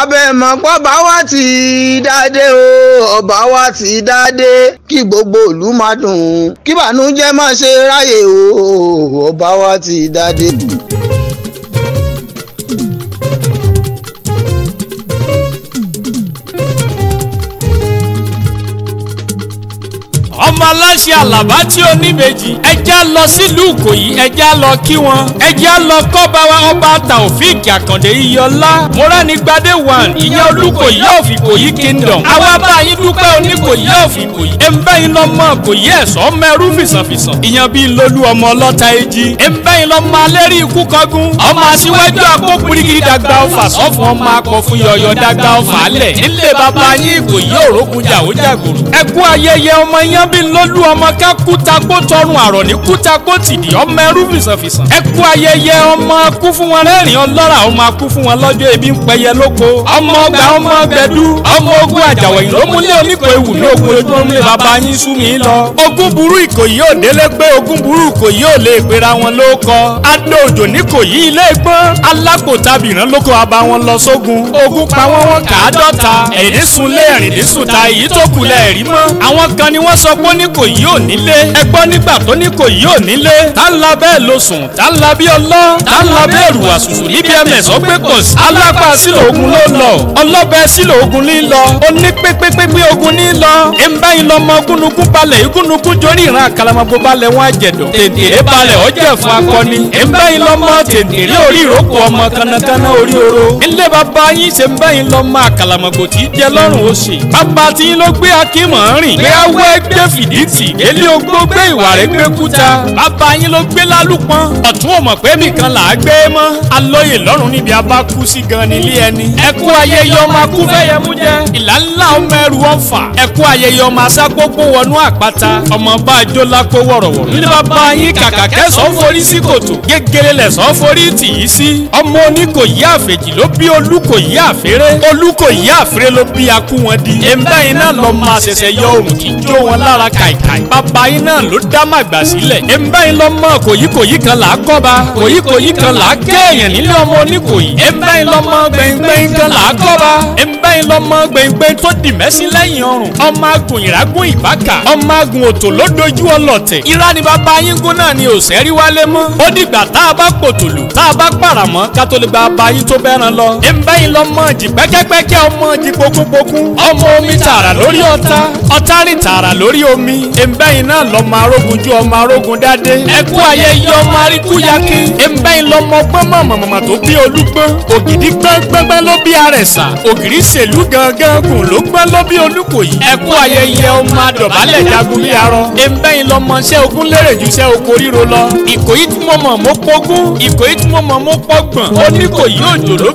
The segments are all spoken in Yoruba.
abẹ́mọ̀pọ̀ bá wá ti dáadé o ọba wá ti dáadé kí gbogbo ìlú máa dùn kí bànújẹ́ má ṣe ráyè o ọba wá ti dáadé. ọba aláṣẹ àlàbá tí ó níbejì ẹjá lọ sílùú ìkòyí ẹjá lọ kí wọn ẹjá lọ kọ́ba wa ọba taofik àkàndé iyọlá moránigbadé one ìyá olùkòyí of ìkòyí kingdom àwa bá yín dúpẹ́ oníkòyí of ìkòyí ẹnbẹ́yìn lọ́mọ kòyí ẹ̀sọ́ mẹ́rú fìsànfìsàn ìyẹn bíi lolú ọmọ ọlọ́ta èjì ẹnbẹ́yìn lọ́mọ alẹ́rí ikú kọ́gún ọmọ aṣíwájú àpòpùrìgì dàgbà ọ̀fà sọ́fún ọmọ akọ̀fún yọ̀yọ̀ dàgbà ọ̀fà alẹ̀ nílé bàbá lólú ọmọ ká kútakó tọrùn àrọ̀ ní kútakó tìdí ọmọ ẹrú fìsànfìsàn. ẹ kú ayẹyẹ ọmọ akú fún wọn rẹ́rìn ọlọ́ra ọmọ akú fún wọn lọ́jọ́ ebi ń pẹyẹ lóko. ọmọ ọgbà ọmọ gbẹdú ọmọ ogun àjàwẹ̀yìn ló múlẹ̀ oníkó ewu ní ogun ojú ní baba yín sú mi lọ. ogun burú ìkòyí ò délé pé ogun burú ìkòyí ò lè pera wọn ló kọ. adé òjò ní kòyí ilé gbọ́n. alákòótábì ìran lóko abá wọn lọ sógun. ogun pa wọn wọn kàádọ́ta. ẹ̀rín èyí tó kù lẹ́ẹ̀rí mọ́. àwọn kan ni wọ́n sọ pé ní ní kò yí ò nílé ẹ gbọ́ nígbà tó ní kò yí ò nílé tá ń la bẹ́ẹ̀ lo sùn tá ń la bí ọlọ́ tá ń la bẹ́ẹ̀ rù àsùsù ní bms ọgbẹ́ pọ̀ sí. alápá sílò ogun ló lọ ọlọ́bẹ sílò ogun ní lọ oní ogun ní lọ ẹ ń bá lọ mọ gúnugún balẹ̀ igúnugún jórí ìran àkàlàmọ́gbó balẹ̀ wọn àjẹ̀dọ̀ tètè balẹ̀ ọjọ́ fún akọni ẹ ń bá lọ mọ tètè lé orí ìrókò ọmọ kanakana orí oro ilé bàbá yín ṣe ń bá lọ mọ àkàlàmọ́gbó tí jẹ lọ́rùn oṣì bàbá tí yín ló gbé akímọ̀ rìn gbé awẹ́ gbé fìdí yìí tì. èlé ogbó gbé ìwà rẹ̀ gbé kúta. bàbá yín ló gbé lálùpọ̀n. ọ̀tún ò mọ̀ pé nìkan là á gbé mọ́. alóye lọ́rùn níbi abá kú sí gan nílé ẹni. ẹkú ayẹyẹ ọmọ akú fẹ́yẹ mú jẹ. ìlà ńlá ọmọ ẹrù ọ̀fà. ẹkú ayẹyẹ ọmọ asápópó wọnú àpáta. ọmọ bá a jó lápó wọ̀rọ̀wọ̀. ní bàbá yín kàkà kẹsàn-án forí sí kòtò. gégéré lẹ̀sán forí tì í sí. ọmọ oníkòyí àfèjì ló bí olúkòyí àféré. olúkòyí àféré ló bí akú wọn di. èmbẹ́yìn náà lọ máa ṣẹ̀ṣẹ̀ yọ òrùn jó wọn lára k kàìkàì bàbá yín náà ló dá màgbà sílẹ̀ ẹ̀mbá yín lọ mọ kòyíkòyí kan là á kọ́ba kòyíkòyí kan là á kéèyàn nílé ọmọ oníkòyí ẹ̀mbá yín lọ mọ gbẹ̀ngbẹ̀ng kan là á kọ́ba ẹ̀mbá yín lọ mọ gbẹ̀ngbẹ̀ng tó dì mẹ́sí lẹ́yìn ọrùn ọmọ agùn ìrágùn ìbáka ọmọ agùn òtò ló dojú ọlọ̀tẹ̀ irá ni bàbá yín gún náà ni òsẹ́rí wálé mọ́ ó dìgbà tá a bá pòtòlù tá a bá pàràmọ́ ká tó lè bàbá yín tó bẹ́ran lọ ẹ̀mbá yín lọ mọ jì pẹ́kẹ́pẹ́kẹ́ ọmọ jì pokúpokú ọmọ omi tààrà lórí ọ̀tá ọ̀tá rìn tààrà lórí omi orin. ẹ̀ǹbẹ́yìn náà lọ́mọ arógun ju ọmọ arógun dáadé. ẹkú ayé yọ ọmọ aríkú yakin. ẹ̀ǹbẹ́yìn lọ́mọ gbọ́mọ̀ mọ̀mọ̀mọ̀ tó bí olúgbọ́n. ògidì gbọ́ngbọ́ngbọ́n ló bí àrẹ̀sà. ògìrì sèlú gangan gùn ló gbọ́n ló bí olúkòyí. ẹkú ayé yẹ ọmọ àdọ̀bálẹ̀ jagun bí arọ. ẹ̀ǹbẹ́yìn lọ́mọ ṣẹ́ ogun lérè ju ṣẹ́ oko ríro lọ. ìkòyí tí mo mọ̀ mo pogún. ìkòyí tí mo mọ̀ mo pọgbọ̀n. oníkòyí òjò ló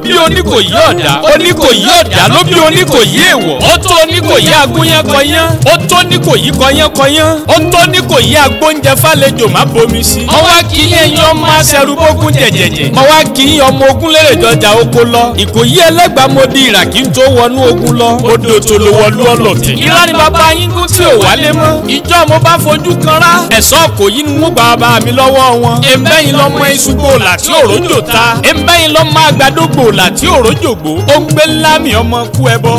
kọyán. ó tó ní kò yí agbóúnjẹ fàlejò má bomi sí. mo wá kí yín ẹ̀yin ọmọ aṣerúgbógún jẹ̀jẹ̀jẹ̀. mo wá kí yín ọmọ ogun lérè jọjà oko lọ. ìkòyí ẹlẹ́gbàá mo di ìrà kí n tó wọnú ogun lọ. odò tó ló wọnú ọlọ́tẹ̀. irọ́ ni bàbá yín kú tí ò wálé mọ́. ìjọ mo bá fojú kan rá. ẹ̀sọ́ kò yí ni wọ́n gba bàbá mi lọ́wọ́ wọn. ẹ̀mbẹ́yìn lọ́mọ iṣu gbòòlà tí ta. ẹ̀mbẹ́yìn lọ́mọ àgbàdo gbòòlà tí òrójò ó ń gbé ńlá mi ọmọ kú ẹbọ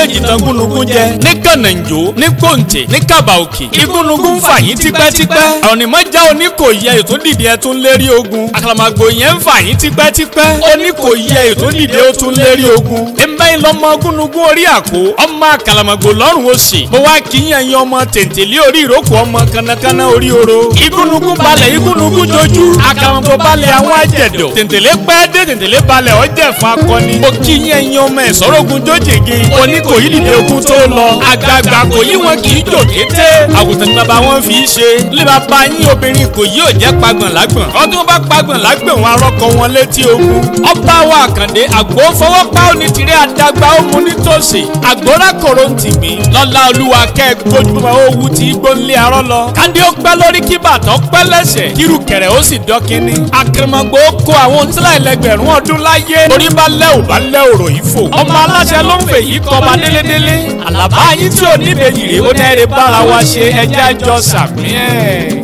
méjèèjì tán gúnugún jẹ ní kànáńjó ní kòǹtè ní kàbà òkè igúnugún fà yín tipẹ́tipẹ́ ọ̀nìmọ́já oníkòyẹ ètò dìde ẹ̀ tún lérí ogun àkàlàmàgbò yẹn ń fà yín tipẹ́tipẹ́ oníkòyẹ ètò dìde ó tún lérí ogun ẹ̀mbẹ́ yín lọ́mọ gúnugún orí àkó ọmọ àkàlàmàgbò lọ́rùn òsì mo wá kí yẹn yín ọmọ tèǹtèlé orí ìrókò ọmọ kanakana orí oro igúnugún balẹ̀ igúnugún jojú àkàlàmàgbò balẹ̀ àwọn àjẹ̀dọ̀ tèǹtèlé pẹ́ẹ́dẹ́ tèǹtèlé balẹ̀ ọjẹ́ fún akọni mo kí yẹn yín ọmọ ẹ̀sọ́rọ̀gùn jójège oní Ìkòyí dìde ogun tó lọ àgbààgbà kò yí wọn kì í jò kété àwòsàn ni bàbá wọn fi í ṣe ilé bàbá yín obìnrin kò yí ò jẹ́ pagbọ̀n lágbọ̀n ọdún bá pagbọ̀n lágbọ̀n wọn arọ́kọ wọn létí ogun ọba wa àkàndé àgbò fọwọ́pá òní tìrẹ àdàgbà ó mu nítòsí àgbòrá kòrò ń tìgbín lọ́lá olúwa kẹ́ gbójúmọ́ owó ti gbóńlé arọ́ lọ kádé ó pẹ́ lórí kíbàtọ́ pẹ́ lẹ́sẹ̀ kírù kẹ̀rẹ̀ ó sì dọ́kínní akérèmọ́gbò kó àwọn oníṣẹ́lẹ̀ ẹlẹgbẹ̀rún ọdún láyé orí bá lẹ́ bá lẹ́ òrò ọba délédélé àlàbá yín tí ò níbejì rèé ó náà rè bára wa ṣe ẹjẹ́ àjọ sàpín